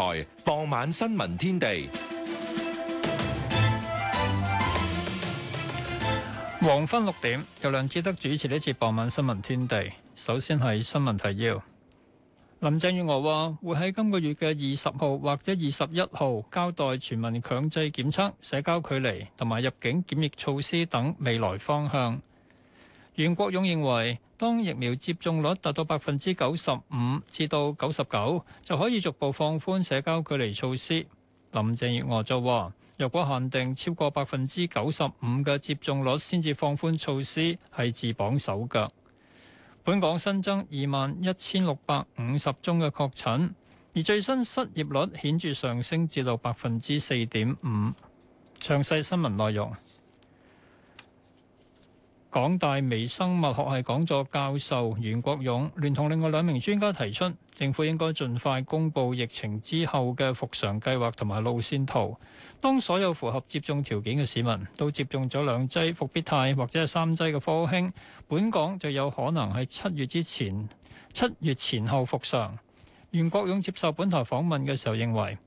台傍晚新聞天地，黃昏六點由梁志德主持呢次傍晚新聞天地。首先係新聞提要，林鄭月娥話會喺今個月嘅二十號或者二十一號交代全民強制檢測、社交距離同埋入境檢疫措施等未來方向。袁國勇認為。當疫苗接種率達到百分之九十五至到九十九，就可以逐步放寬社交距離措施。林鄭月娥就話：若果限定超過百分之九十五嘅接種率先至放寬措施，係自綁手腳。本港新增二萬一千六百五十宗嘅確診，而最新失業率顯著上升至到百分之四點五。詳細新聞內容。港大微生物學系講座教授袁國勇聯同另外兩名專家提出，政府應該盡快公布疫情之後嘅復常計劃同埋路線圖。當所有符合接種條件嘅市民都接種咗兩劑復必泰或者係三劑嘅科興，本港就有可能喺七月之前，七月前後復常。袁國勇接受本台訪問嘅時候認為。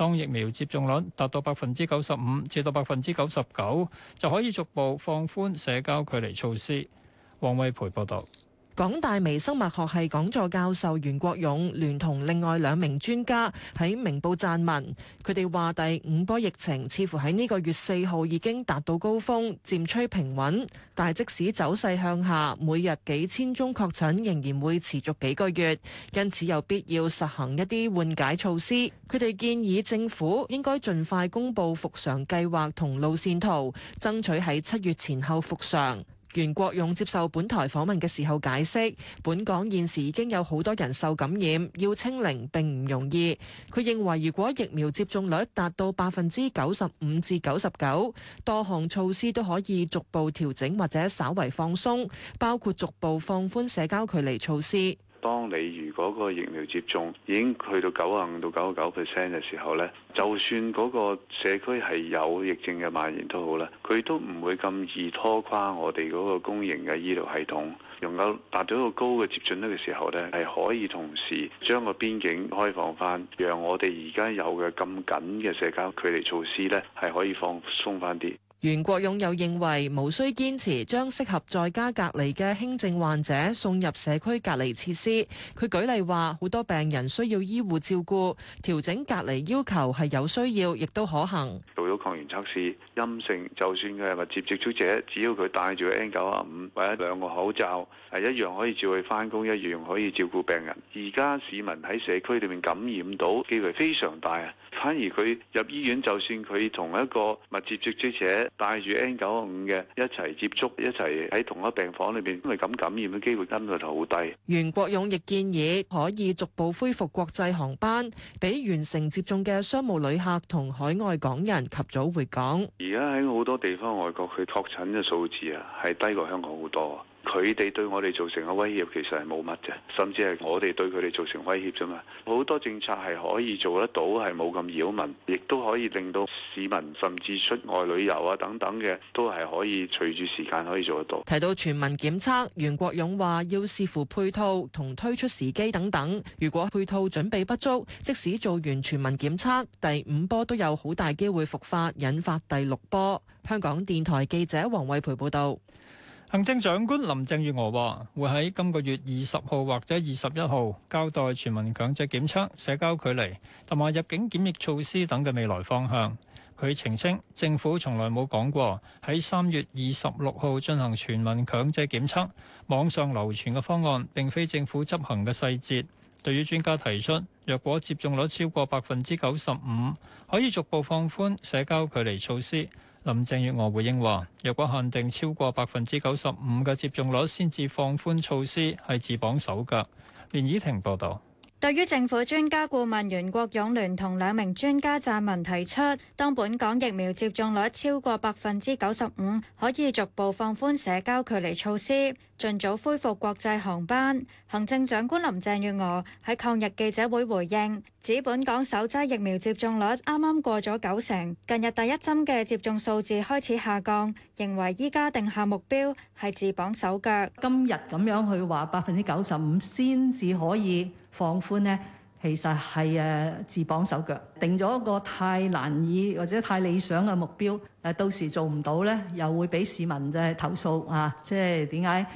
當疫苗接種率達到百分之九十五至到百分之九十九，就可以逐步放寬社交距離措施。王偉培報道。港大微生物學系講座教授袁國勇聯同另外兩名專家喺明報撰文，佢哋話第五波疫情似乎喺呢個月四號已經達到高峰，漸趨平穩，但係即使走勢向下，每日幾千宗確診仍然會持續幾個月，因此有必要實行一啲緩解措施。佢哋建議政府應該盡快公布復常計劃同路線圖，爭取喺七月前後復常。袁國勇接受本台訪問嘅時候解釋，本港現時已經有好多人受感染，要清零並唔容易。佢認為如果疫苗接種率達到百分之九十五至九十九，多項措施都可以逐步調整或者稍為放鬆，包括逐步放寬社交距離措施。你如果個疫苗接種已經去到九啊五到九十九 percent 嘅時候呢，就算嗰個社區係有疫症嘅蔓延都好啦，佢都唔會咁易拖垮我哋嗰個公營嘅醫療系統，能夠達到一個高嘅接種率嘅時候呢，係可以同時將個邊境開放翻，讓我哋而家有嘅咁緊嘅社交距離措施呢，係可以放鬆翻啲。袁國勇又認為無需堅持將適合在家隔離嘅輕症患者送入社區隔離設施。佢舉例話，好多病人需要醫護照顧，調整隔離要求係有需要，亦都可行。做咗抗原測試陰性，就算佢係密接接觸者，只要佢戴住 N 九啊五或者兩個口罩，係一樣可以照去返工，一樣可以照顧病人。而家市民喺社區裡面感染到機會非常大啊！反而佢入醫院，就算佢同一個密切接觸者帶住 N 九五嘅一齊接觸一齊喺同一病房裏邊，因為感感染嘅機會根本就好低。袁國勇亦建議可以逐步恢復國際航班，俾完成接種嘅商務旅客同海外港人及早回港。而家喺好多地方外國佢確診嘅數字啊，係低過香港好多。佢哋對我哋造成嘅威脅其實係冇乜嘅，甚至係我哋對佢哋造成威脅啫嘛。好多政策係可以做得到，係冇咁擾民，亦都可以令到市民甚至出外旅遊啊等等嘅，都係可以隨住時間可以做得到。提到全民檢測，袁國勇話要視乎配套同推出時機等等。如果配套準備不足，即使做完全民檢測，第五波都有好大機會復發，引發第六波。香港電台記者黃惠培報導。行政長官林鄭月娥話：會喺今個月二十號或者二十一號交代全民強制檢測、社交距離同埋入境檢疫措施等嘅未來方向。佢澄清，政府從來冇講過喺三月二十六號進行全民強制檢測，網上流傳嘅方案並非政府執行嘅細節。對於專家提出，若果接種率超過百分之九十五，可以逐步放寬社交距離措施。林鄭月娥回應話：若果限定超過百分之九十五嘅接種率先至放寬措施，係自綁手腳。連倚婷報道，對於政府專家顧問袁國勇聯同兩名專家撰文提出，當本港疫苗接種率超過百分之九十五，可以逐步放寬社交距離措施，盡早恢復國際航班。行政長官林鄭月娥喺抗疫記者會回應。指本港首劑疫苗接種率啱啱過咗九成，近日第一針嘅接種數字開始下降，認為依家定下目標係自綁手腳。今日咁樣去話，百分之九十五先至可以放寬呢，其實係誒自綁手腳，定咗一個太難以或者太理想嘅目標，誒到時做唔到咧，又會俾市民就係投訴啊！即係點解？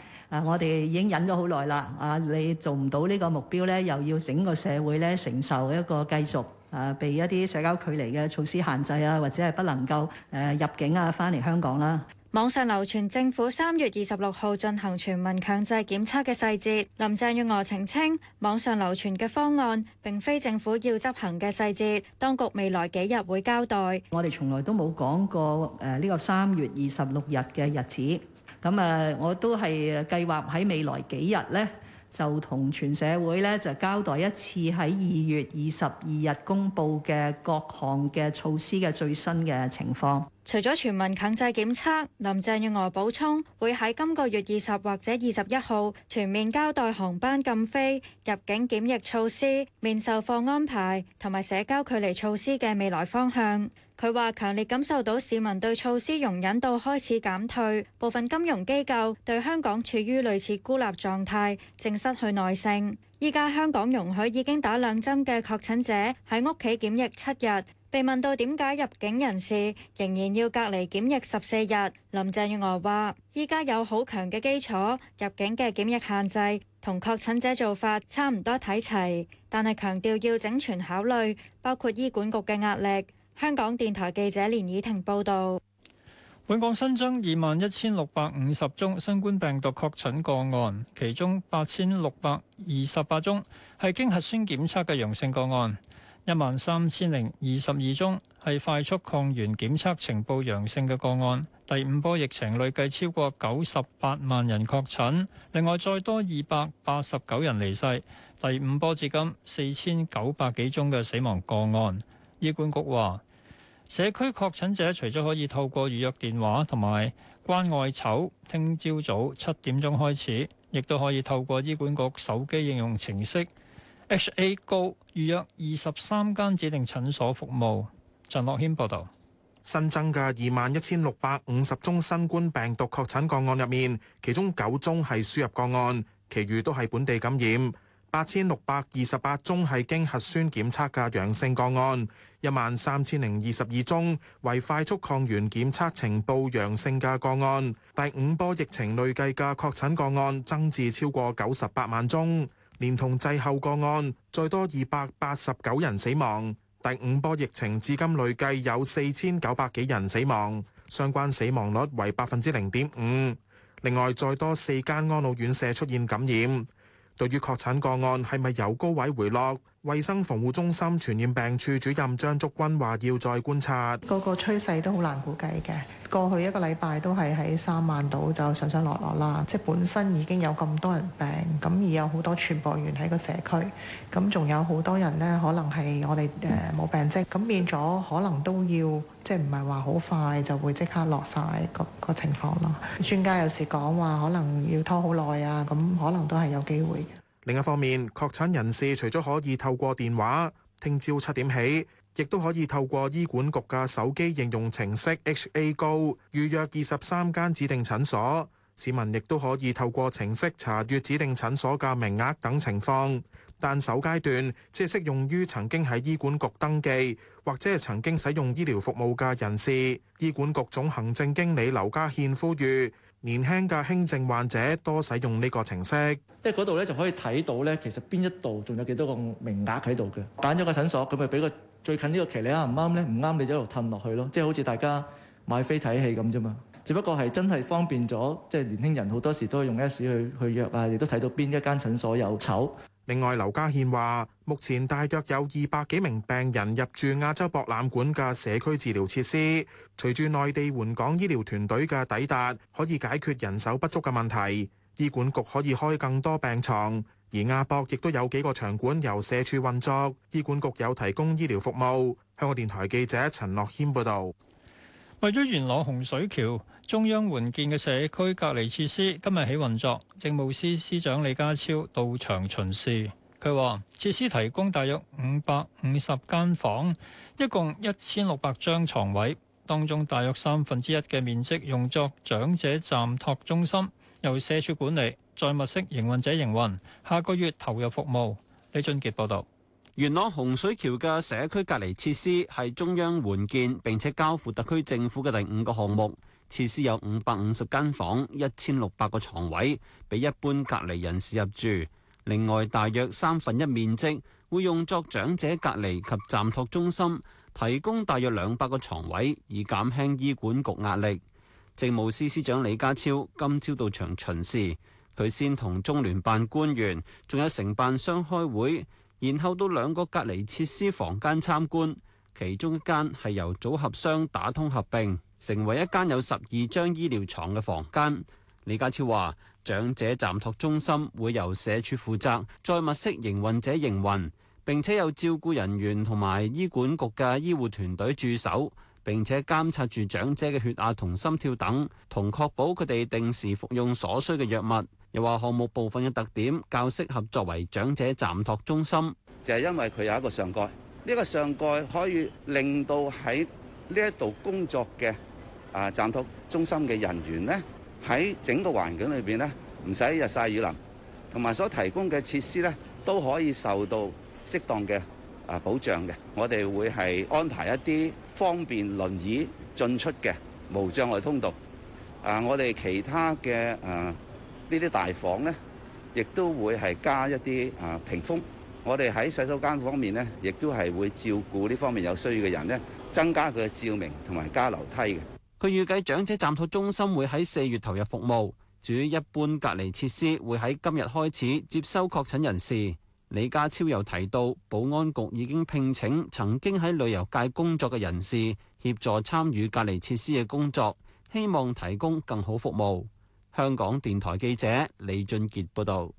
我哋已經忍咗好耐啦。啊，你做唔到呢個目標呢，又要整個社會呢承受一個繼續啊，被一啲社交距離嘅措施限制啊，或者係不能夠誒、啊、入境啊，翻嚟香港啦。網上流傳政府三月二十六號進行全民強制檢測嘅細節，林鄭月娥澄清，網上流傳嘅方案並非政府要執行嘅細節，當局未來幾日會交代。我哋從來都冇講過誒呢個三月二十六日嘅日子。咁啊，我都係計劃喺未來幾日咧，就同全社會咧就交代一次喺二月二十二日公布嘅各項嘅措施嘅最新嘅情況。除咗全民強制檢測，林鄭月娥補充會喺今個月二十或者二十一號全面交代航班禁飛入境檢疫措施、面授課安排同埋社交距離措施嘅未來方向。佢話：強烈感受到市民對措施容忍度開始減退，部分金融機構對香港處於類似孤立狀態，正失去耐性。依家香港容許已經打兩針嘅確診者喺屋企檢疫七日。被問到點解入境人士仍然要隔離檢疫十四日，林鄭月娥話：依家有好強嘅基礎，入境嘅檢疫限制同確診者做法差唔多睇齊，但係強調要整全考慮，包括醫管局嘅壓力。香港電台記者連綺婷報道，本港新增二萬一千六百五十宗新冠病毒確診個案，其中八千六百二十八宗係經核酸檢測嘅陽性個案，一萬三千零二十二宗係快速抗原檢測呈報陽性嘅個案。第五波疫情累計超過九十八萬人確診，另外再多二百八十九人離世。第五波至今四千九百幾宗嘅死亡個案。醫管局話，社區確診者除咗可以透過預約電話同埋關外籌，聽朝早七點鐘開始，亦都可以透過醫管局手機應用程式 HA 高預約二十三間指定診所服務。陳樂軒報導，新增嘅二萬一千六百五十宗新冠病毒確診個案入面，其中九宗係輸入個案，其餘都係本地感染。八千六百二十八宗係經核酸檢測嘅陽性個案，一萬三千零二十二宗為快速抗原檢測呈報陽性嘅個案。第五波疫情累計嘅確診個案增至超過九十八萬宗，連同滯後個案，再多二百八十九人死亡。第五波疫情至今累計有四千九百幾人死亡，相關死亡率為百分之零點五。另外，再多四間安老院舍出現感染。對於確診個案係咪由高位回落？衛生防護中心傳染病處主任張竹君話，要再觀察，個個趨勢都好難估計嘅。過去一個禮拜都係喺三萬度就上上落落啦，即係本身已經有咁多人病，咁而有好多傳播員喺個社區，咁仲有好多人咧，可能係我哋誒冇病徵，咁變咗可能都要即係唔係話好快就會即刻落晒個、那個情況咯。專家有時講話可能要拖好耐啊，咁可能都係有機會。另一方面，確診人士除咗可以透過電話聽朝七點起，亦都可以透過醫管局嘅手機應用程式 HA Go 預約二十三間指定診所。市民亦都可以透過程式查閱指定診所嘅名額等情況。但首階段只適用於曾經喺醫管局登記或者係曾經使用醫療服務嘅人士。醫管局總行政經理劉家憲呼籲。年輕嘅輕症患者多使用呢個程式，即係嗰度咧就可以睇到咧，其實邊一度仲有幾多個名額喺度嘅。揀咗個診所，咁咪俾個最近呢個期，你啱唔啱咧？唔啱你就一路褪落去咯。即係好似大家買飛睇戲咁啫嘛，只不過係真係方便咗，即係年輕人好多時都係用 S 去去約啊，亦都睇到邊一間診所有籌。另外，劉家獻話：目前大約有二百幾名病人入住亞洲博覽館嘅社區治療設施。隨住內地援港醫療團隊嘅抵達，可以解決人手不足嘅問題。醫管局可以開更多病床，而亞博亦都有幾個場館由社署運作，醫管局有提供醫療服務。香港電台記者陳樂軒報導。為咗元朗洪水橋。中央援建嘅社區隔離設施今日起運作，政務司司長李家超到場巡視，佢話設施提供大約五百五十間房，一共一千六百張床位，當中大約三分之一嘅面積用作長者暫託中心，由社署管理，再物色營運者營運，下個月投入服務，李俊杰報道。元朗洪水橋嘅社區隔離設施係中央援建並且交付特區政府嘅第五個項目。設施有五百五十間房，一千六百個床位俾一般隔離人士入住。另外，大約三分一面積會用作長者隔離及暫託中心，提供大約兩百個床位，以減輕醫管局壓力。政務司司長李家超今朝到場巡視，佢先同中聯辦官員，仲有承辦商開會，然後到兩個隔離設施房間參觀，其中一間係由組合商打通合併。成為一間有十二張醫療床嘅房間。李家超話，長者暫託中心會由社署負責，再物色營運者營運，並且有照顧人員同埋醫管局嘅醫護團隊駐守，並且監察住長者嘅血壓同心跳等，同確保佢哋定時服用所需嘅藥物。又話項目部分嘅特點較適合作為長者暫託中心，就係因為佢有一個上蓋，呢、這個上蓋可以令到喺呢一度工作嘅。啊！暫託中心嘅人員咧，喺整個環境裏邊咧，唔使日曬雨淋，同埋所提供嘅設施咧，都可以受到適當嘅啊保障嘅。我哋會係安排一啲方便輪椅進出嘅無障礙通道。啊！我哋其他嘅啊呢啲大房咧，亦都會係加一啲啊屏風。我哋喺洗手間方面咧，亦都係會照顧呢方面有需要嘅人咧，增加佢嘅照明同埋加樓梯嘅。佢預計長者暫託中心會喺四月投入服務，至於一般隔離設施會喺今日開始接收確診人士。李家超又提到，保安局已經聘請曾經喺旅遊界工作嘅人士協助參與隔離設施嘅工作，希望提供更好服務。香港電台記者李俊傑報道。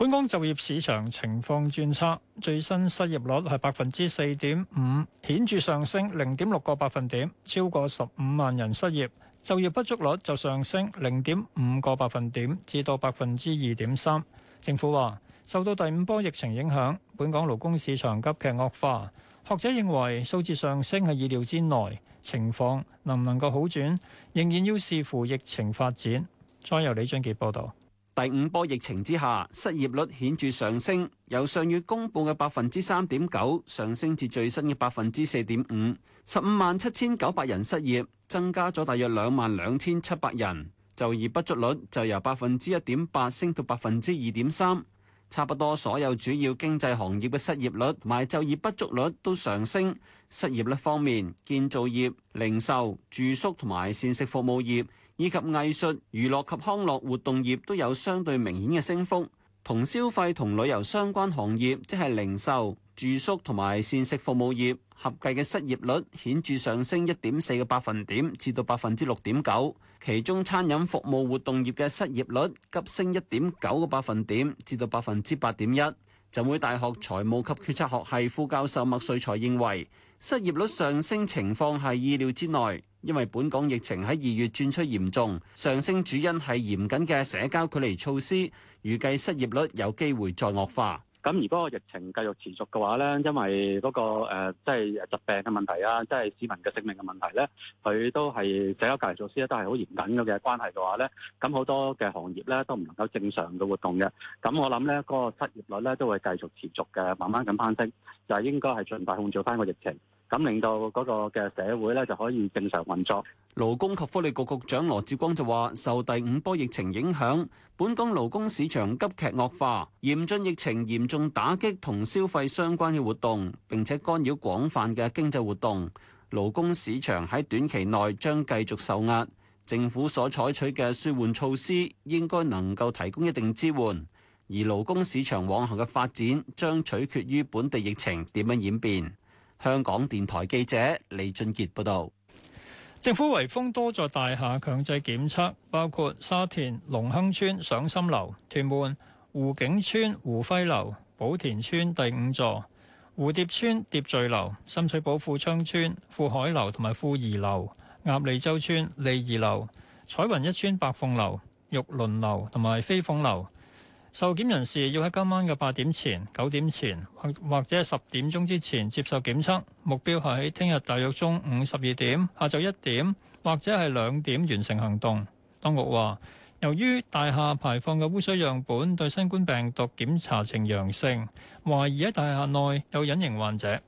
本港就業市場情況轉差，最新失業率係百分之四點五，顯著上升零點六個百分點，超過十五萬人失業。就業不足率就上升零點五個百分點，至到百分之二點三。政府話受到第五波疫情影響，本港勞工市場急劇惡化。學者認為數字上升係意料之內，情況能唔能夠好轉，仍然要視乎疫情發展。再由李俊傑報道。第五波疫情之下，失業率顯著上升，由上月公布嘅百分之三點九上升至最新嘅百分之四點五，十五萬七千九百人失業，增加咗大約兩萬兩千七百人。就業不足率就由百分之一點八升到百分之二點三，差不多所有主要經濟行業嘅失業率同埋就業不足率都上升。失業率方面，建造業、零售、住宿同埋膳食服務業。以及藝術、娛樂及康樂活動業都有相對明顯嘅升幅，同消費同旅遊相關行業，即係零售、住宿同埋膳食服務業，合計嘅失業率顯著上升一點四個百分點至到百分之六點九，其中餐飲服務活動業嘅失業率急升一點九個百分點至到百分之八點一。浸會大學財務及決策學系副教授麥瑞才認為，失業率上升情況係意料之內。因為本港疫情喺二月轉趨嚴重，上升主因係嚴謹嘅社交距離措施。預計失業率有機會再惡化。咁如果個疫情繼續持續嘅話咧，因為嗰、那個即係、呃就是、疾病嘅問題啊，即、就、係、是、市民嘅性命嘅問題咧，佢都係社交距離措施都係好嚴謹嘅關係嘅話咧，咁好多嘅行業咧都唔能夠正常嘅活動嘅。咁我諗咧，嗰、那個失業率咧都會繼續持續嘅，慢慢咁攀升。就係應該係儘快控制返個疫情。咁令到嗰個嘅社會咧就可以正常運作。勞工及福利局局長羅志光就話：受第五波疫情影響，本港勞工市場急劇惡化，嚴峻疫情嚴重打擊同消費相關嘅活動，並且干擾廣泛嘅經濟活動。勞工市場喺短期內將繼續受壓。政府所採取嘅舒緩措施應該能夠提供一定支援，而勞工市場往後嘅發展將取決於本地疫情點樣演變。香港電台記者李俊杰報道，政府圍封多座大廈強制檢測，包括沙田龍亨村上心樓、屯門湖景村湖輝樓、寶田村第五座、蝴蝶村蝶聚樓、深水埗富昌村富海樓同埋富怡樓、鴨脷洲村利怡樓、彩雲一村白鳳樓、玉麟樓同埋飛鳳樓。受檢人士要喺今晚嘅八點前、九點前或或者十點鐘之前接受檢測，目標係喺聽日大約中午十二點、下晝一點或者係兩點完成行動。當局話，由於大廈排放嘅污水樣本對新冠病毒檢查呈陽性，懷疑喺大廈內有隱形患者。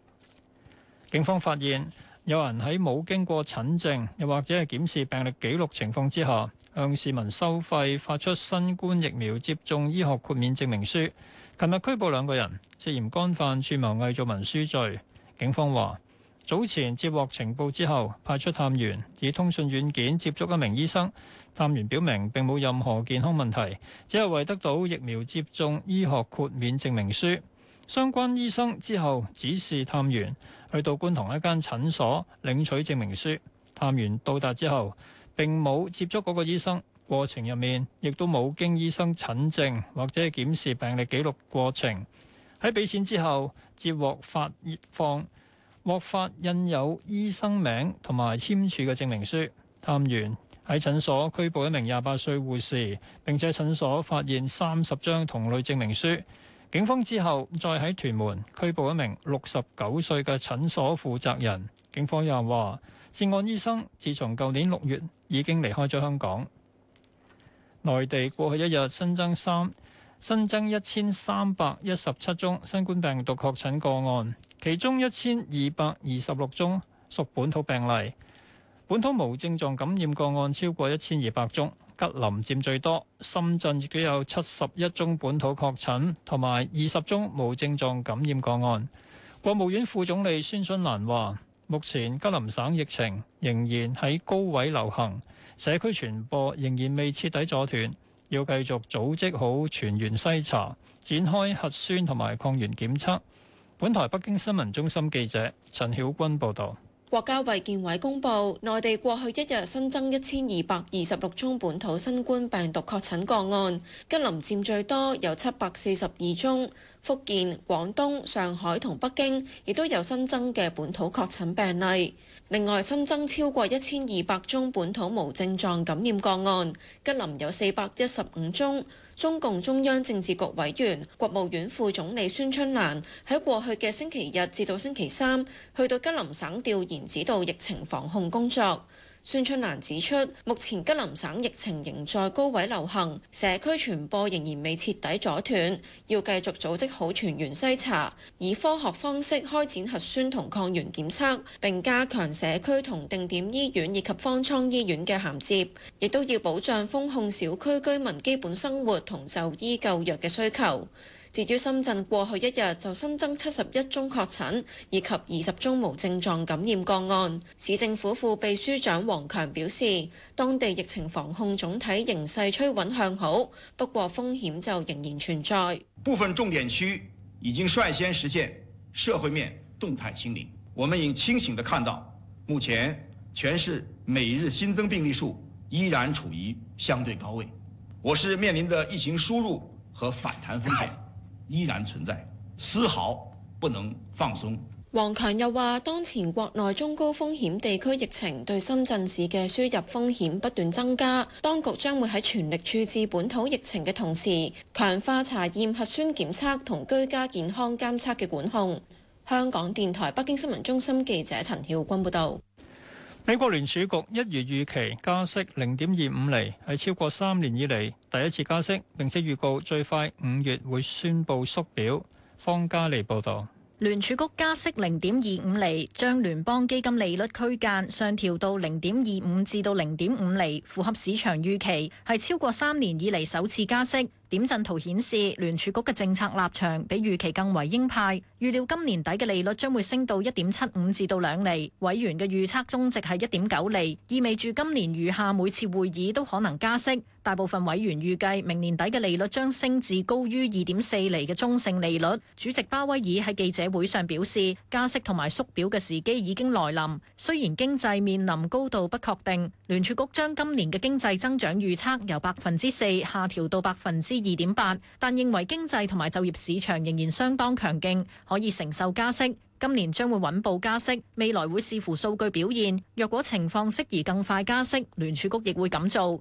警方發現有人喺冇經過診症又或者係檢視病歷記錄情況之下，向市民收費，發出新冠疫苗接種醫學豁免證明書。琴日拘捕兩個人，涉嫌干犯串謀偽造文書罪。警方話，早前接獲情報之後，派出探員以通訊軟件接觸一名醫生。探員表明並冇任何健康問題，只係為得到疫苗接種醫學豁免證明書。相關醫生之後指示探員去到觀塘一間診所領取證明書。探員到達之後，並冇接觸嗰個醫生，過程入面亦都冇經醫生診症或者係檢視病歷記錄過程。喺俾錢之後，接獲發放獲發印有醫生名同埋簽署嘅證明書。探員喺診所拘捕一名廿八歲護士，並且診所發現三十張同類證明書。警方之後再喺屯門拘捕一名六十九歲嘅診所負責人。警方又話，涉案醫生自從舊年六月已經離開咗香港。內地過去一日新增三新增一千三百一十七宗新冠病毒確診個案，其中一千二百二十六宗屬本土病例。本土無症狀感染個案超過一千二百宗，吉林佔最多。深圳亦都有七十一宗本土確診同埋二十宗無症狀感染個案。國務院副總理孫春蘭話。目前吉林省疫情仍然喺高位流行，社區傳播仍然未徹底阻斷，要繼續組織好全員篩查，展開核酸同埋抗原檢測。本台北京新聞中心記者陳曉君報道。國家衛健委公布，內地過去一日新增一千二百二十六宗本土新冠病毒確診個案，吉林佔最多，有七百四十二宗。福建、廣東、上海同北京亦都有新增嘅本土確診病例，另外新增超過一千二百宗本土無症狀感染個案。吉林有四百一十五宗。中共中央政治局委員、國務院副總理孫春蘭喺過去嘅星期日至到星期三去到吉林省調研指導疫情防控工作。孫春蘭指出，目前吉林省疫情仍在高位流行，社區傳播仍然未徹底阻斷，要繼續組織好全員篩查，以科學方式開展核酸同抗原檢測，並加強社區同定點醫院以及方艙醫院嘅銜接，亦都要保障封控小區居民基本生活同就醫救藥嘅需求。至於深圳過去一日就新增七十一宗確診以及二十宗無症狀感染個案，市政府副秘書長王強表示，當地疫情防控總體形勢趨穩向好，不過風險就仍然存在。部分重點區已經率先實現社會面動態清零，我們應清醒地看到，目前全市每日新增病例數依然處於相對高位，我市面臨的疫情輸入和反彈風險啊依然存在，絲毫不能放鬆。王強又話，當前國內中高風險地區疫情對深圳市嘅輸入風險不斷增加，當局將會喺全力處置本土疫情嘅同時，強化查驗核酸檢測同居家健康監測嘅管控。香港電台北京新聞中心記者陳曉君報道。美國聯儲局一如預期加息零點二五厘，係超過三年以嚟第一次加息，並且預告最快五月會宣布縮表。方家利報道，聯儲局加息零點二五厘，將聯邦基金利率區間上調到零點二五至到零點五厘，符合市場預期，係超過三年以嚟首次加息。點陣圖顯示，聯儲局嘅政策立場比預期更為鷹派，預料今年底嘅利率將會升到一點七五至到兩厘。委員嘅預測中值係一點九厘，意味住今年餘下每次會議都可能加息。大部分委員預計明年底嘅利率將升至高於二點四厘嘅中性利率。主席鮑威爾喺記者會上表示，加息同埋縮表嘅時機已經來臨。雖然經濟面臨高度不確定，聯儲局將今年嘅經濟增長預測由百分之四下調到百分之二點八，但認為經濟同埋就業市場仍然相當強勁，可以承受加息。今年將會穩步加息，未來會視乎數據表現。若果情況適宜，更快加息，聯儲局亦會咁做。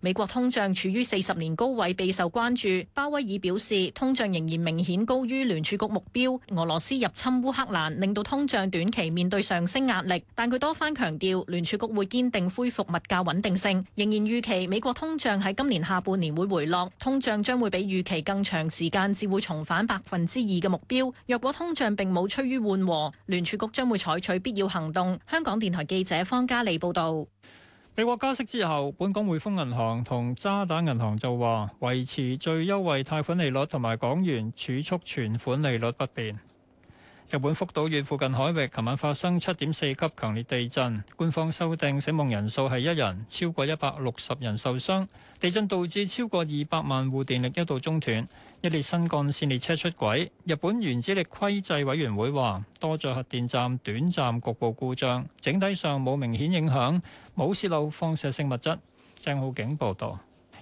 美國通脹處於四十年高位，備受關注。鮑威爾表示，通脹仍然明顯高於聯儲局目標。俄羅斯入侵烏克蘭令到通脹短期面對上升壓力，但佢多番強調，聯儲局會堅定恢復物價穩定性。仍然預期美國通脹喺今年下半年會回落，通脹將會比預期更長時間至會重返百分之二嘅目標。若果通脹並冇趨於緩和，聯儲局將會採取取必要行動。香港電台記者方嘉利報道。美國加息之後，本港匯豐銀行同渣打銀行就話維持最優惠貸款利率同埋港元儲蓄存款利率不變。日本福島縣附近海域琴晚發生七點四級強烈地震，官方修訂死亡人數係一人，超過一百六十人受傷。地震導致超過二百萬戶電力一度中斷。一列新幹線列車出軌。日本原子力規制委員會話多座核電站短暫局部故障，整體上冇明顯影響，冇泄漏放射性物質。鄭浩景報導。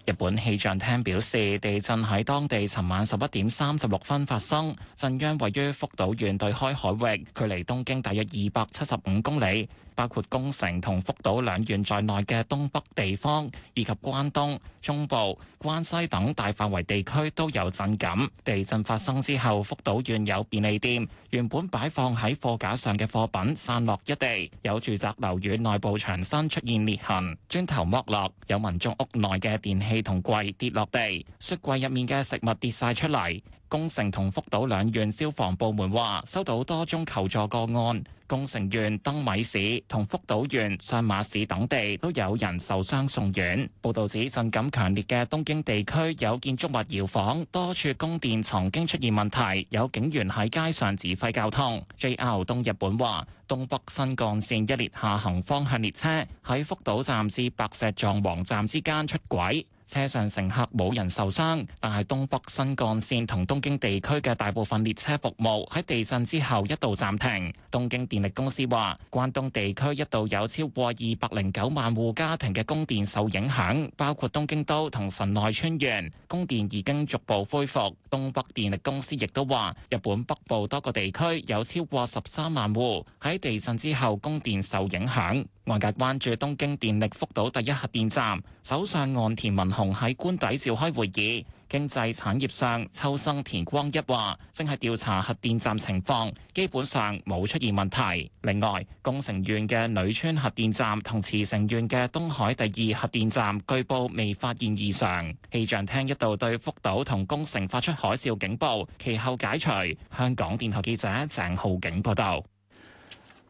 日本氣象廳表示，地震喺當地尋晚十一點三十六分發生，震央位於福島縣對開海域，距離東京大約二百七十五公里。包括宮城同福島兩縣在內嘅東北地方，以及關東、中部、關西等大範圍地區都有震感。地震發生之後，福島縣有便利店原本擺放喺貨架上嘅貨品散落一地，有住宅樓宇內部牆身出現裂痕，磚頭剝落，有民眾屋內嘅電器，同櫃跌落地，雪櫃入面嘅食物跌晒出嚟。宮城同福島兩縣消防部門話，收到多宗求助個案，宮城縣登米市同福島縣上馬市等地都有人受傷送院。報道指震感強烈嘅東京地區有建築物搖晃，多處供電曾經出現問題，有警員喺街上指揮交通。JR 東日本話，東北新幹線一列下行方向列車喺福島站至白石藏王站之間出軌，車上乘客冇人受傷，但係東北新幹線同東東京地區嘅大部分列車服務喺地震之後一度暫停。東京電力公司話，關東地區一度有超過二百零九萬戶家庭嘅供電受影響，包括東京都同神奈川縣。供電已經逐步恢復。東北電力公司亦都話，日本北部多個地區有超過十三萬戶喺地震之後供電受影響。外界關注東京電力福島第一核電站，首相岸田文雄喺官邸召開會議。經濟產業上，秋生。田光一話：正係調查核電站情況，基本上冇出現問題。另外，宮城縣嘅女川核電站同茨城縣嘅東海第二核電站據報未發現異常。氣象廳一度對福島同宮城發出海嘯警報，其後解除。香港電台記者鄭浩景報道。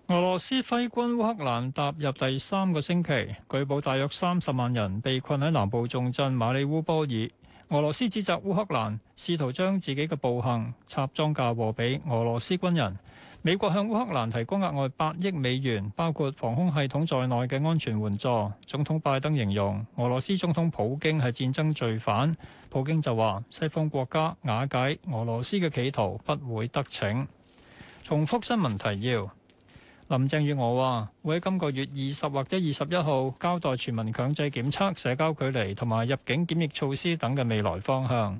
俄羅斯揮軍烏克蘭踏入第三個星期，據報大約三十萬人被困喺南部重鎮馬里烏波爾。俄羅斯指責烏克蘭試圖將自己嘅暴行插贓嫁禍俾俄羅斯軍人。美國向烏克蘭提供額外八億美元，包括防空系統在內嘅安全援助。總統拜登形容俄羅斯總統普京係戰爭罪犯。普京就話：西方國家瓦解俄羅斯嘅企圖不會得逞。重複新聞提要。林鄭月娥話：會喺今個月二十或者二十一號交代全民強制檢測、社交距離同埋入境檢疫措施等嘅未來方向。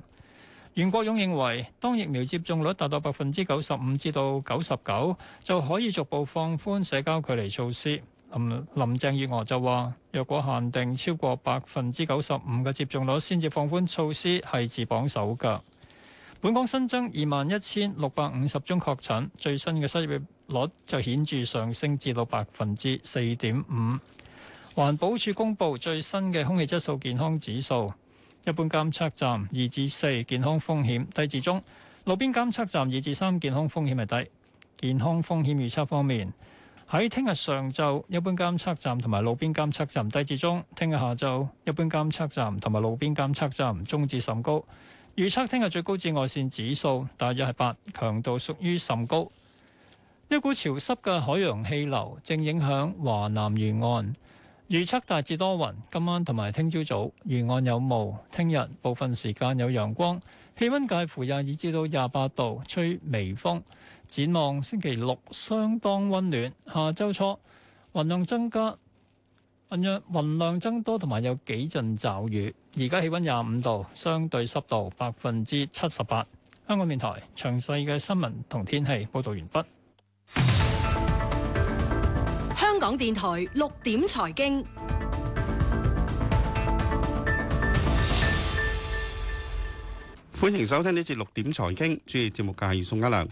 袁國勇認為，當疫苗接種率達到百分之九十五至到九十九，就可以逐步放寬社交距離措施。林林鄭月娥就話：若果限定超過百分之九十五嘅接種率先至放寬措施，係自綁手嘅。本港新增二萬一千六百五十宗確診，最新嘅失業率就顯著上升至到百分之四點五。環保署公布最新嘅空氣質素健康指數，一般監測站二至四健康風險低至中，路邊監測站二至三健康風險係低。健康風險預測方面，喺聽日上晝，一般監測站同埋路邊監測站低至中；聽日下晝，一般監測站同埋路邊監測站中至甚高。預測聽日最高紫外線指數大約係八，強度屬於甚高。一股潮濕嘅海洋氣流正影響華南沿岸，預測大致多雲。今晚同埋聽朝早沿岸有霧，聽日部分時間有陽光，氣温介乎廿二至到廿八度，吹微風。展望星期六相當温暖，下周初雲量增加，雲量雲量增多，同埋有幾陣驟雨。而家氣温廿五度，相對濕度百分之七十八。香港電台詳細嘅新聞同天氣報導完畢。香港電台六點財經，歡迎收聽呢一節六點財經。主持節目嘅係宋家良，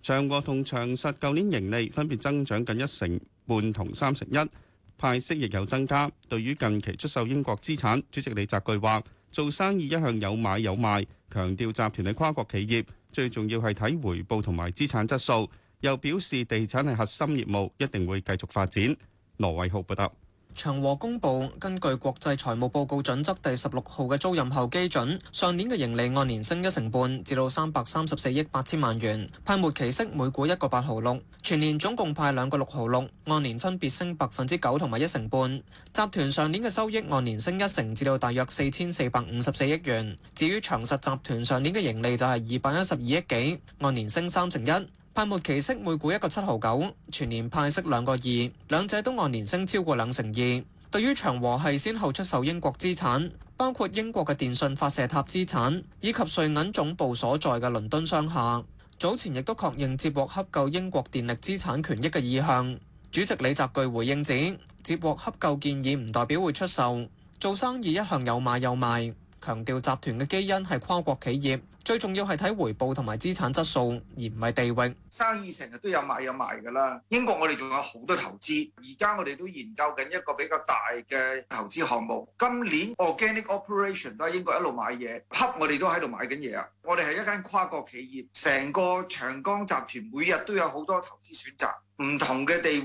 長和同長實舊年盈利分別增長近一成半同三成一，派息亦有增加。對於近期出售英國資產，主席李澤钜話：，做生意一向有買有賣，強調集團係跨國企業，最重要係睇回報同埋資產質素。又表示，地產係核心業務，一定會繼續發展。羅偉浩報道，長和公布根據國際財務報告準則第十六號嘅租賃後基準，上年嘅盈利按年升一成半，至到三百三十四億八千萬元，派末期息每股一個八毫六，全年總共派兩個六毫六，按年分別升百分之九同埋一成半。集團上年嘅收益按年升一成，至到大約四千四百五十四億元。至於長實集團上年嘅盈利就係二百一十二億幾，按年升三成一。派末期息每股一個七毫九，全年派息兩個二，兩者都按年升超過兩成二。對於長和係先後出售英國資產，包括英國嘅電信發射塔資產以及瑞銀總部所在嘅倫敦商廈，早前亦都確認接獲洽購英國電力資產權益嘅意向。主席李澤鉅回應指，接獲洽購建議唔代表會出售，做生意一向有買有賣，強調集團嘅基因係跨國企業。最重要係睇回報同埋資產質素，而唔係地域。生意成日都有買有賣㗎啦。英國我哋仲有好多投資，而家我哋都研究緊一個比較大嘅投資項目。今年 organic operation 都喺英國一路買嘢 h 我哋都喺度買緊嘢啊。我哋係一間跨國企業，成個長江集團每日都有好多投資選擇。唔同嘅地域、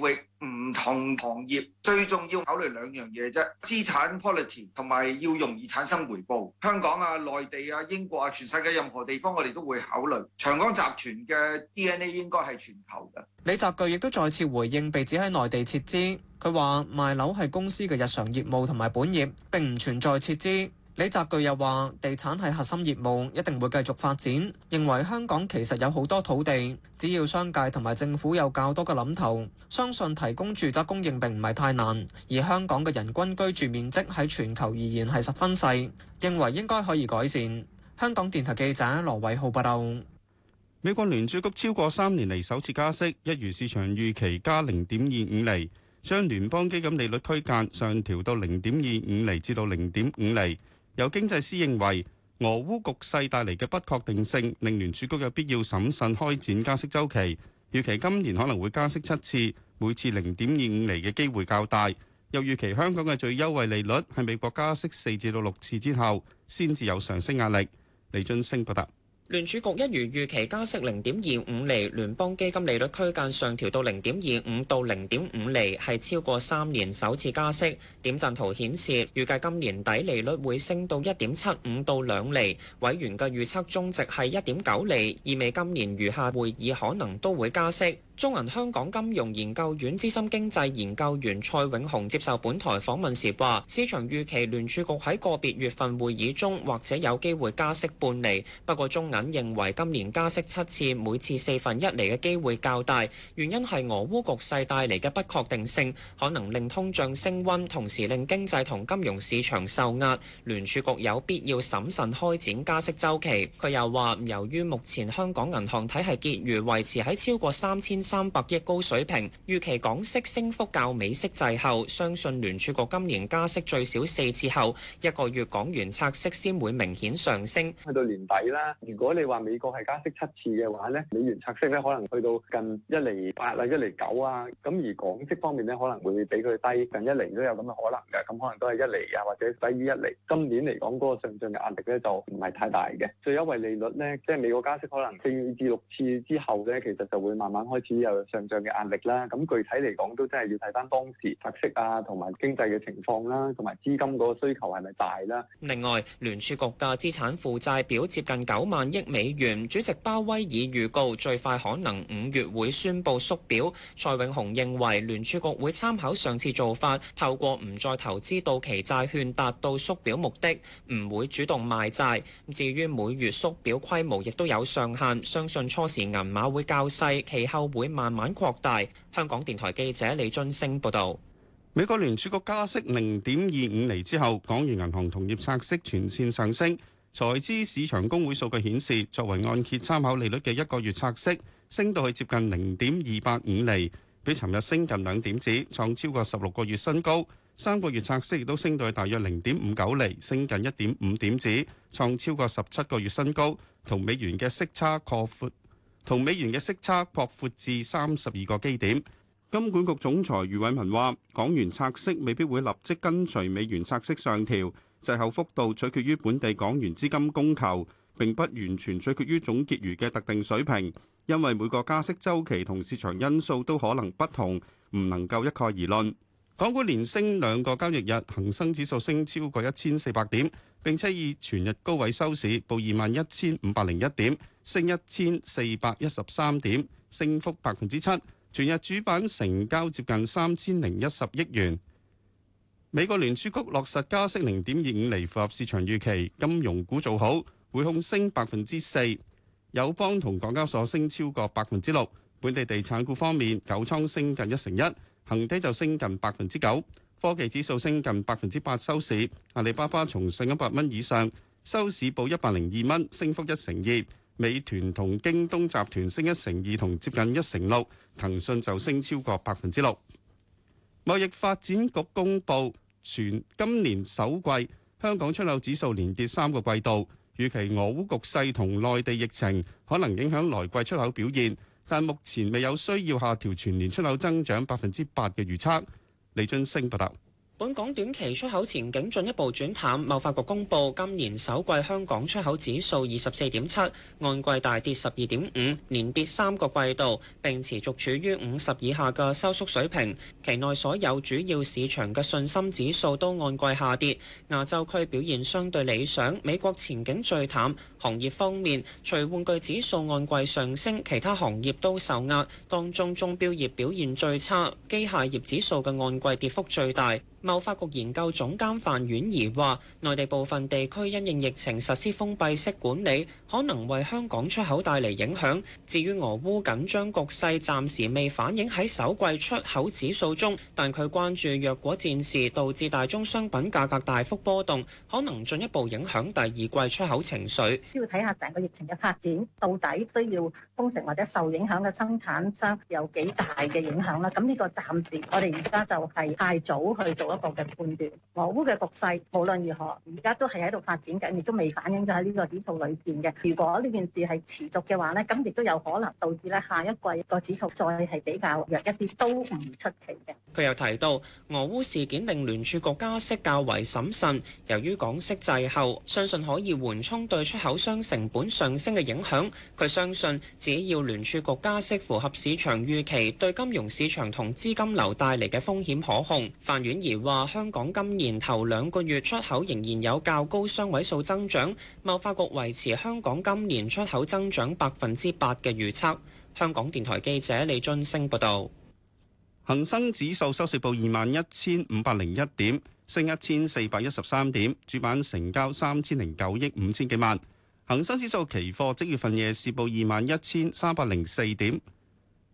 唔同行業，最重要考慮兩樣嘢啫，資產 quality 同埋要容易產生回報。香港啊、內地啊、英國啊、全世界任何地方，我哋都會考慮。長江集團嘅 DNA 應該係全球嘅。李澤鉅亦都再次回應被指喺內地撤資，佢話賣樓係公司嘅日常業務同埋本業，並唔存在撤資。李澤钜又話：地產係核心業務，一定會繼續發展。認為香港其實有好多土地，只要商界同埋政府有較多嘅諗頭，相信提供住宅供應並唔係太難。而香港嘅人均居住面積喺全球而言係十分細，認為應該可以改善。香港電台記者羅偉浩報道：美國聯儲局超過三年嚟首次加息，一如市場預期，加零點二五厘，將聯邦基金利率區間上調到零點二五厘至到零點五厘。有經濟師認為，俄烏局勢帶嚟嘅不確定性，令聯儲局有必要審慎開展加息周期。預期今年可能會加息七次，每次零點二五厘嘅機會較大。又預期香港嘅最優惠利率係美國加息四至到六次之後，先至有上升壓力。李俊升報道。聯儲局一如預期加息零點二五厘，聯邦基金利率區間上調到零點二五到零點五厘，係超過三年首次加息。點陣圖顯示，預計今年底利率會升到一點七五到兩厘，委員嘅預測中值係一點九厘，意味今年餘下會議可能都會加息。中銀香港金融研究院資深經濟研究員蔡永雄接受本台訪問時話：市場預期聯儲局喺個別月份會議中或者有機會加息半厘。不過中銀認為今年加息七次，每次四分一厘嘅機會較大。原因係俄烏局勢帶嚟嘅不確定性，可能令通脹升溫，同時令經濟同金融市場受壓，聯儲局有必要審慎開展加息週期。佢又話：由於目前香港銀行體系結餘維持喺超過三千三百億高水平，預期港息升幅較美息滯後，相信聯儲局今年加息最少四次後，一個月港元拆息先會明顯上升。去到年底啦，如果你話美國係加息七次嘅話咧，美元拆息咧可能去到近一厘八啊、一厘九啊，咁而港息方面咧可能會比佢低近一厘都有咁嘅可能㗎，咁可能都係一厘啊，或者低於一厘。今年嚟講，嗰個上漲嘅壓力咧就唔係太大嘅。最優惠利率咧，即係美國加息可能四至六次之後咧，其實就會慢慢開始。有上漲嘅壓力啦，咁具體嚟講都真係要睇翻當時特色啊，同埋經濟嘅情況啦，同埋資金嗰個需求係咪大啦？另外，聯儲局嘅資產負債表接近九萬億美元，主席鮑威爾預告最快可能五月會宣布縮表。蔡永雄認為聯儲局會參考上次做法，透過唔再投資到期債券達到縮表目的，唔會主動賣債。咁至於每月縮表規模亦都有上限，相信初時銀碼會較細，其後會慢慢擴大。香港電台記者李俊升報道，美國聯儲局加息零點二五厘之後，港元銀行同業拆息全線上升。財資市場公會數據顯示，作為按揭參考利率嘅一個月拆息升到去接近零點二八五厘，比尋日升近兩點子，創超過十六個月新高。三個月拆息亦都升到去大約零點五九厘，升近一點五點子，創超過十七個月新高，同美元嘅息差擴闊。同美元嘅息差擴闊至三十二個基點。金管局總裁余偉文話：港元拆息未必會立即跟隨美元拆息上調，滯後幅度取決於本地港元資金供求，並不完全取決於總結餘嘅特定水平，因為每個加息週期同市場因素都可能不同，唔能夠一概而論。港股連升兩個交易日，恒生指數升超過一千四百點，並且以全日高位收市，報二萬一千五百零一點，升一千四百一十三點，升幅百分之七。全日主板成交接近三千零一十億元。美國聯儲局落實加息零點二五厘，符合市場預期。金融股做好，匯控升百分之四，友邦同港交所升超過百分之六。本地地產股方面，九倉升近一成一。恒指就升近百分之九，科技指數升近百分之八收市。阿里巴巴重上一百蚊以上，收市，報一百零二蚊，升幅一成二。美團同京東集團升一成二同接近一成六，騰訊就升超過百分之六。貿易發展局公布，全今年首季香港出口指數連跌三個季度，預期俄烏局勢同內地疫情可能影響來季出口表現。但目前未有需要下調全年出口增長百分之八嘅預測。李俊升報道，本港短期出口前景進一步轉淡。貿發局公布，今年首季香港出口指數二十四點七，按季大跌十二點五，連跌三個季度，並持續處於五十以下嘅收縮水平。期內所有主要市場嘅信心指數都按季下跌，亞洲區表現相對理想，美國前景最淡。行業方面，除玩具指數按季上升，其他行業都受壓，當中鐘表業表現最差，機械業指數嘅按季跌幅最大。貿發局研究總監范婉怡話：內地部分地區因應疫情實施封閉式管理，可能為香港出口帶嚟影響。至於俄烏緊張局勢，暫時未反映喺首季出口指數中，但佢關注若果戰事導致大宗商品價格大幅波動，可能進一步影響第二季出口情緒。只要睇下成個疫情嘅發展，到底需要封城或者受影響嘅生產商有幾大嘅影響啦。咁呢個暫時我哋而家就係太早去做一個嘅判斷。俄烏嘅局勢，無論如何，而家都係喺度發展緊，亦都未反映咗喺呢個指數裏邊嘅。如果呢件事係持續嘅話咧，咁亦都有可能導致咧下一季個指數再係比較弱一啲都唔出奇嘅。佢又提到，俄烏事件令聯儲局加息較為審慎，由於港息滯後，相信可以緩衝對出口。將成本上升嘅影響，佢相信只要聯儲局加息符合市場預期，對金融市場同資金流帶嚟嘅風險可控。范婉儀話，香港今年頭兩個月出口仍然有較高雙位數增長。貿發局維持香港今年出口增長百分之八嘅預測。香港電台記者李津升報道。恒生指數收市報二萬一千五百零一點，升一千四百一十三點，主板成交三千零九億五千幾萬。恒生指數期貨即月份夜市報二萬一千三百零四點，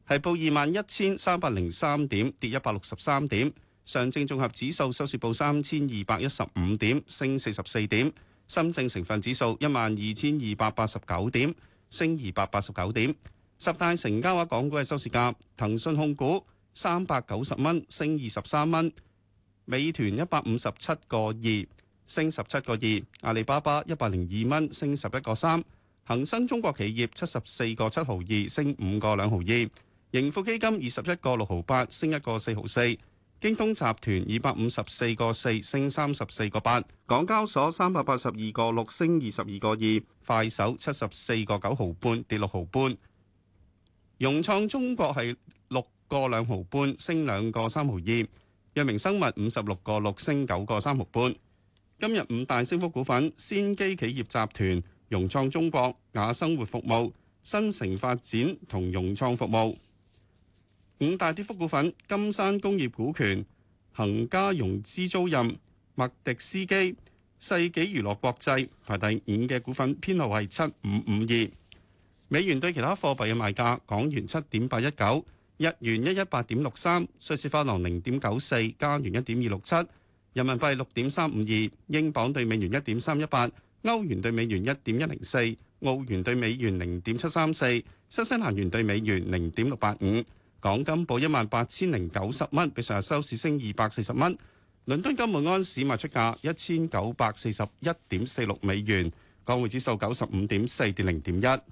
係報二萬一千三百零三點，跌一百六十三點。上證綜合指數收市報三千二百一十五點，升四十四點。深證成分指數一萬二千二百八十九點，升二百八十九點。十大成交額港股嘅收市價，騰訊控股三百九十蚊，升二十三蚊。美團一百五十七個二。升十七個二，阿里巴巴一百零二蚊，升十一個三；恒生中國企業七十四個七毫二，升五個兩毫二；盈富基金二十一個六毫八，升一個四毫四；京東集團二百五十四個四，升三十四個八；港交所三百八十二個六，升二十二個二；快手七十四個九毫半，跌六毫半；融創中國係六個兩毫半，升兩個三毫二；藥明生物五十六個六，升九個三毫半。今日五大升幅股份：先機企業集團、融創中國、雅生活服務、新城發展同融創服務。五大跌幅股份：金山工業股權、恆嘉融資租賃、麥迪斯基、世紀娛樂國際。排第五嘅股份編號係七五五二。美元對其他貨幣嘅賣價：港元七點八一九，日元一一八點六三，瑞士法郎零點九四，加元一點二六七。人民幣六點三五二，英鎊兌美元一點三一八，歐元兌美元一點一零四，澳元兌美元零點七三四，新西蘭元兌美元零點六八五。港金報一萬八千零九十蚊，比上日收市升二百四十蚊。倫敦金每安士賣出價一千九百四十一點四六美元，港匯指數九十五點四跌零點一。